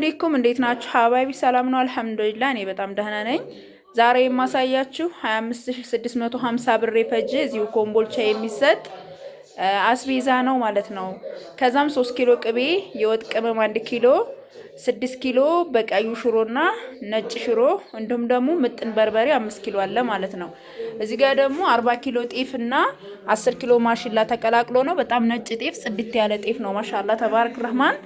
አሌኩም እንዴት ናችሁ? ሀባይቢ ሰላም ነው። አልሐምዱሊላ እኔ በጣም ደህና ነኝ። ዛሬ የማሳያችሁ 25650 ብር የፈጀ እዚሁ ኮምቦልቻ የሚሰጥ አስቤዛ ነው ማለት ነው። ከዛም 3 ኪሎ ቅቤ፣ የወጥ ቅመም 1 ኪሎ፣ 6 ኪሎ በቀዩ ሽሮና ነጭ ሽሮ እንዲሁም ደግሞ ምጥን በርበሬ 5 ኪሎ አለ ማለት ነው። እዚህ ጋር ደግሞ 40 ኪሎ ጤፍ እና 10 ኪሎ ማሽላ ተቀላቅሎ ነው። በጣም ነጭ ጤፍ፣ ጽድት ያለ ጤፍ ነው። ማሻላ ተባረክ ረህማን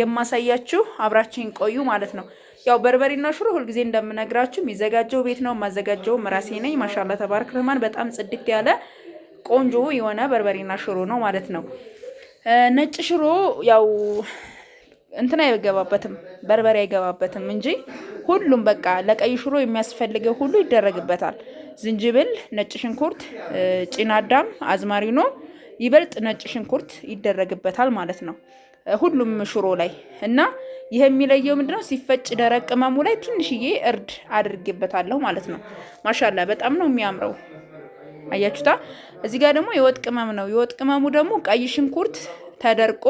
የማሳያችሁ አብራችን ቆዩ ማለት ነው። ያው በርበሬና ሽሮ ሁልጊዜ እንደምነግራችሁ የሚዘጋጀው ቤት ነው። ማዘጋጀው ራሴ ነኝ። ማሻላ ተባረክ ረህማን። በጣም ጽድት ያለ ቆንጆ የሆነ በርበሬና ሽሮ ነው ማለት ነው። ነጭ ሽሮ ያው እንትን አይገባበትም፣ በርበሬ አይገባበትም እንጂ ሁሉም በቃ ለቀይ ሽሮ የሚያስፈልገው ሁሉ ይደረግበታል። ዝንጅብል፣ ነጭ ሽንኩርት፣ ጭናዳም፣ አዝማሪኖ ይበልጥ ነጭ ሽንኩርት ይደረግበታል ማለት ነው። ሁሉም ሽሮ ላይ እና ይህ የሚለየው ምንድነው? ሲፈጭ ደረቅ ቅመሙ ላይ ትንሽዬ እርድ አድርጌበታለሁ ማለት ነው። ማሻላ በጣም ነው የሚያምረው። አያችሁታ። እዚህ ጋር ደግሞ የወጥ ቅመም ነው። የወጥ ቅመሙ ደግሞ ቀይ ሽንኩርት ተደርቆ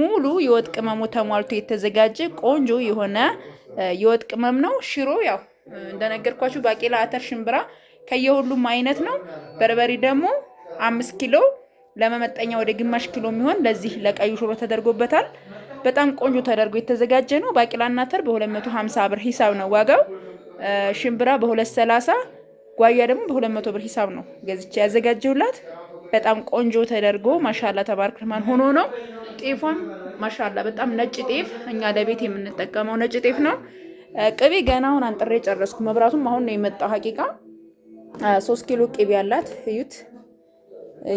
ሙሉ የወጥ ቅመሙ ተሟልቶ የተዘጋጀ ቆንጆ የሆነ የወጥ ቅመም ነው። ሽሮ ያው እንደነገርኳችሁ ባቄላ፣ አተር፣ ሽምብራ ከየሁሉም አይነት ነው። በርበሬ ደግሞ አምስት ኪሎ ለመመጠኛ ወደ ግማሽ ኪሎ የሚሆን ለዚህ ለቀዩ ሽሮ ተደርጎበታል። በጣም ቆንጆ ተደርጎ የተዘጋጀ ነው። ባቂላና አተር በ250 ብር ሂሳብ ነው ዋጋው። ሽምብራ በ230፣ ጓያ ደግሞ በ200 ብር ሂሳብ ነው ገዝቼ ያዘጋጀሁላት። በጣም ቆንጆ ተደርጎ ማሻላ ተባርክ ሆኖ ነው። ጤፏም ማሻላ በጣም ነጭ ጤፍ፣ እኛ ለቤት የምንጠቀመው ነጭ ጤፍ ነው። ቅቤ ገና አሁን አንጥሬ ጨረስኩ። መብራቱም አሁን ነው የመጣው። ሀቂቃ ሶስት ኪሎ ቅቤ ያላት እዩት።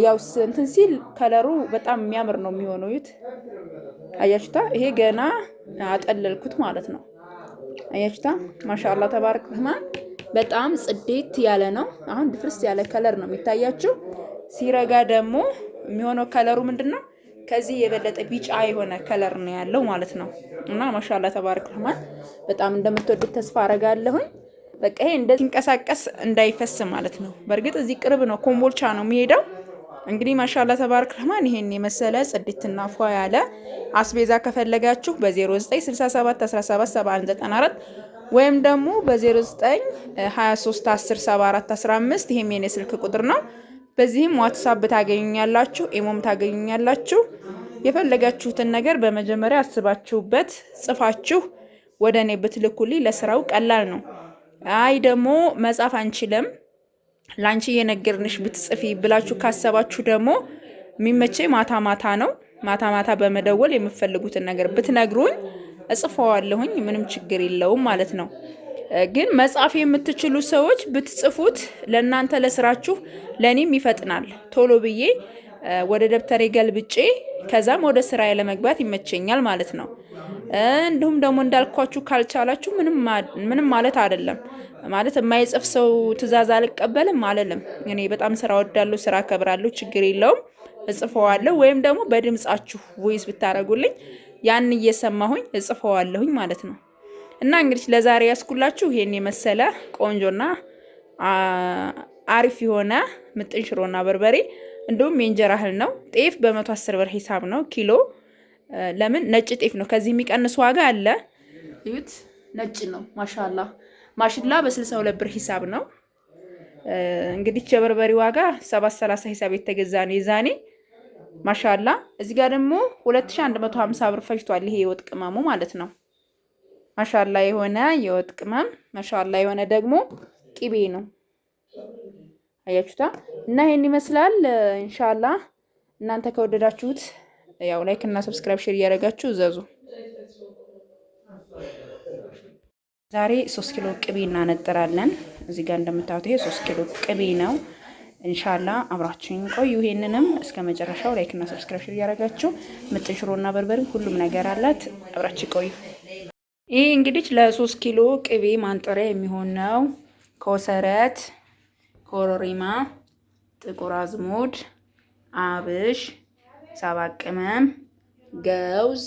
ያው እንትን ሲል ከለሩ በጣም የሚያምር ነው የሚሆነው። ዩት አያችታ፣ ይሄ ገና አጠለልኩት ማለት ነው። አያችታ፣ ማሻአላ ተባረክ ረህማን። በጣም ጽዴት ያለ ነው። አሁን ድፍርስ ያለ ከለር ነው የሚታያችው። ሲረጋ ደግሞ የሚሆነው ከለሩ ምንድን ነው? ከዚህ የበለጠ ቢጫ የሆነ ከለር ነው ያለው ማለት ነው። እና ማሻላ ተባረክ ረህማን፣ በጣም እንደምትወዱት ተስፋ አረጋለሁኝ። በቃ ይሄ እንደ ሲንቀሳቀስ እንዳይፈስ ማለት ነው። በእርግጥ እዚህ ቅርብ ነው፣ ኮምቦልቻ ነው የሚሄደው እንግዲህ ማሻላ ተባርክ ረህማን ይሄን የመሰለ ጽድትና ፏ ያለ አስቤዛ ከፈለጋችሁ በ0967177194 ወይም ደግሞ በ0923107415 ይሄም የኔ ስልክ ቁጥር ነው። በዚህም ዋትሳፕ ታገኙኛላችሁ፣ ኢሞም ታገኙኛላችሁ። የፈለጋችሁትን ነገር በመጀመሪያ አስባችሁበት ጽፋችሁ ወደ እኔ ብትልኩልኝ ለስራው ቀላል ነው። አይ ደግሞ መጻፍ አንችልም ላንቺ የነገርንሽ ብትጽፊ ብላችሁ ካሰባችሁ ደግሞ የሚመቸኝ ማታ ማታ ነው። ማታ ማታ በመደወል የምፈልጉትን ነገር ብትነግሩኝ እጽፈዋለሁኝ። ምንም ችግር የለውም ማለት ነው። ግን መጻፍ የምትችሉ ሰዎች ብትጽፉት ለእናንተ ለስራችሁ፣ ለእኔም ይፈጥናል። ቶሎ ብዬ ወደ ደብተሬ ገልብጬ ከዛም ወደ ስራዬ ለመግባት ይመቸኛል ማለት ነው። እንዲሁም ደግሞ እንዳልኳችሁ ካልቻላችሁ ምንም ማለት አይደለም። ማለት የማይጽፍ ሰው ትዕዛዝ አልቀበልም አለለም እኔ በጣም ስራ ወዳለሁ፣ ስራ ከብራለሁ። ችግር የለውም እጽፈዋለሁ። ወይም ደግሞ በድምጻችሁ ቮይስ ብታደረጉልኝ ያን እየሰማሁኝ እጽፈዋለሁኝ ማለት ነው። እና እንግዲህ ለዛሬ ያስኩላችሁ ይሄን የመሰለ ቆንጆና አሪፍ የሆነ ምጥን ሽሮና በርበሬ እንዲሁም የእንጀራ እህል ነው። ጤፍ በመቶ አስር ብር ሂሳብ ነው ኪሎ ለምን ነጭ ጤፍ ነው። ከዚህ የሚቀንስ ዋጋ አለ። እዩት፣ ነጭ ነው። ማሻላ ማሽላ በስልሳ ሁለት ብር ሂሳብ ነው። እንግዲህ የበርበሬ ዋጋ ሰባት ሰላሳ ሂሳብ የተገዛ ነው የዛኔ ማሻላ። እዚህ ጋር ደግሞ ሁለት ሺ አንድ መቶ ሀምሳ ብር ፈጅቷል። ይሄ የወጥ ቅመሙ ማለት ነው። ማሻላ የሆነ የወጥ ቅመም ማሻላ የሆነ ደግሞ ቂቤ ነው። አያችሁታ እና ይሄን ይመስላል። እንሻላ እናንተ ከወደዳችሁት ያው ላይክ እና ሰብስክራይብ ሼር እያደረጋችሁ እዘዙ። ዛሬ ሶስት ኪሎ ቅቤ እናነጥራለን። እዚህ ጋር እንደምታዩት ይሄ ሶስት ኪሎ ቅቤ ነው። እንሻላ አብራችሁን ቆዩ። ይሄንንም እስከ መጨረሻው ላይክ እና ሰብስክራይብ ሼር እያደረጋችሁ ምጥን ሽሮ እና በርበሬ ሁሉም ነገር አላት። አብራችሁ ቆዩ። ይሄ እንግዲህ ለሶስት ኪሎ ቅቤ ማንጠሪያ የሚሆን ነው። ኮሰረት፣ ኮሮሪማ፣ ጥቁር አዝሙድ፣ አብሽ ሳባ ቅመም፣ ገውዝ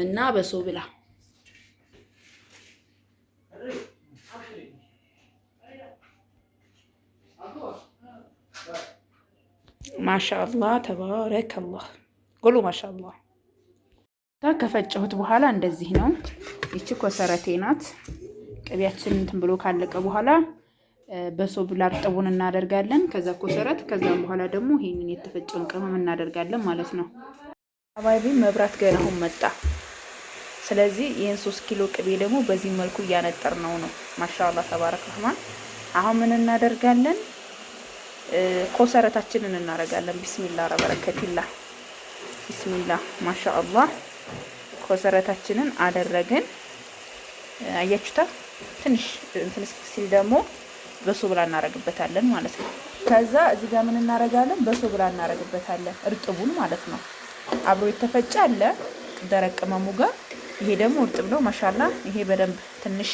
እና በሶ ብላ ማሻአላ ተባረከላ ጎሎ ማሻአላ። ከፈጨሁት በኋላ እንደዚህ ነው። ይቺ ኮሰረቴ ናት። ቅቤያችን እንትን ብሎ ካለቀ በኋላ በሰው ብላር ጥቡን እናደርጋለን። ከዛ ኮሰረት፣ ከዛም በኋላ ደግሞ ይህንን የተፈጨውን ቅመም እናደርጋለን ማለት ነው። አባይቢ መብራት ገና አሁን መጣ። ስለዚህ ይህን ሶስት ኪሎ ቅቤ ደግሞ በዚህ መልኩ እያነጠር ነው ነው ማሻላ ተባረክ ረህማን። አሁን ምን እናደርጋለን? ኮሰረታችንን እናደርጋለን። ቢስሚላ ረበረከቲላ ቢስሚላ ማሻአላ። ኮሰረታችንን አደረግን። አያችሁታ ትንሽ እንትን ሲል ደግሞ በሶብላ እናረግበታለን ማለት ነው። ከዛ እዚህ ጋር ምን እናረጋለን? በሶብላ እናረግበታለን እርጥቡን ማለት ነው። አብሮ የተፈጨ አለ ደረቅ ቅመሙ ጋር። ይሄ ደግሞ እርጥብ ነው። ማሻላ ይሄ በደንብ ትንሽ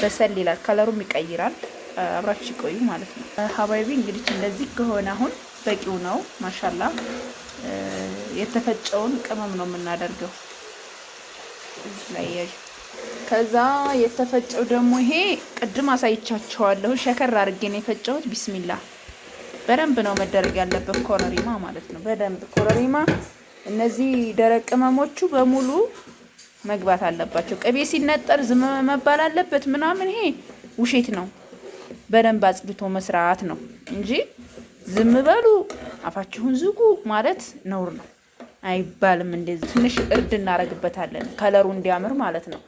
በሰል ይላል፣ ከለሩም ይቀይራል። አብራችሁ ይቆዩ ማለት ነው። ሀባይቢ እንግዲህ እንደዚህ ከሆነ አሁን በቂው ነው። ማሻላ የተፈጨውን ቅመም ነው የምናደርገው እዚህ ላይ ከዛ የተፈጨው ደግሞ ይሄ ቅድም አሳይቻቸዋለሁ። ሸከር አድርጌ ነው የፈጨሁት። ቢስሚላ በደንብ ነው መደረግ ያለበት ኮረሪማ ማለት ነው። በደንብ ኮረሪማ፣ እነዚህ ደረቅ ቅመሞቹ በሙሉ መግባት አለባቸው። ቅቤ ሲነጠር ዝም መባል አለበት ምናምን፣ ይሄ ውሸት ነው። በደንብ አጽድቶ መስራት ነው እንጂ ዝም በሉ አፋችሁን ዝጉ ማለት ነውር ነው አይባልም። እንደዚህ ትንሽ እርድ እናረግበታለን ከለሩ እንዲያምር ማለት ነው።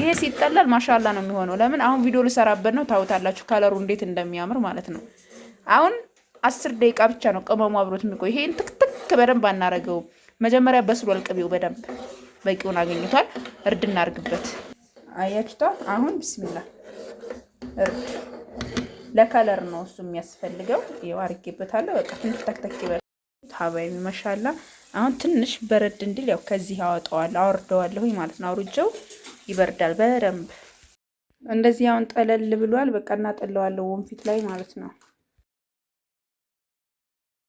ይሄ ሲጠለል ማሻላ ነው የሚሆነው። ለምን አሁን ቪዲዮ ልሰራበት ነው፣ ታውታላችሁ ከለሩ እንዴት እንደሚያምር ማለት ነው። አሁን አስር ደቂቃ ብቻ ነው ቅመሙ አብሮት የሚቆይ። ይሄን ትክትክ በደንብ አናረገውም። መጀመሪያ በስሏል፣ ቅቤው በደንብ በቂውን አገኝቷል። እርድ እናርግበት። አያችሁታ አሁን ቢስሚላ እርድ ለከለር ነው እሱ የሚያስፈልገው። ይኸው አርጌበታለሁ። በቃ ትንሽ ተክተክ ይበል ታባይ መሻላ። አሁን ትንሽ በረድ እንድል ያው ከዚህ አወጣዋለሁ አወርደዋለሁኝ ማለት ነው አውርጀው ይበርዳል በደንብ። እንደዚህ አሁን ጠለል ብሏል። በቃ እናጠለዋለሁ ወንፊት ላይ ማለት ነው።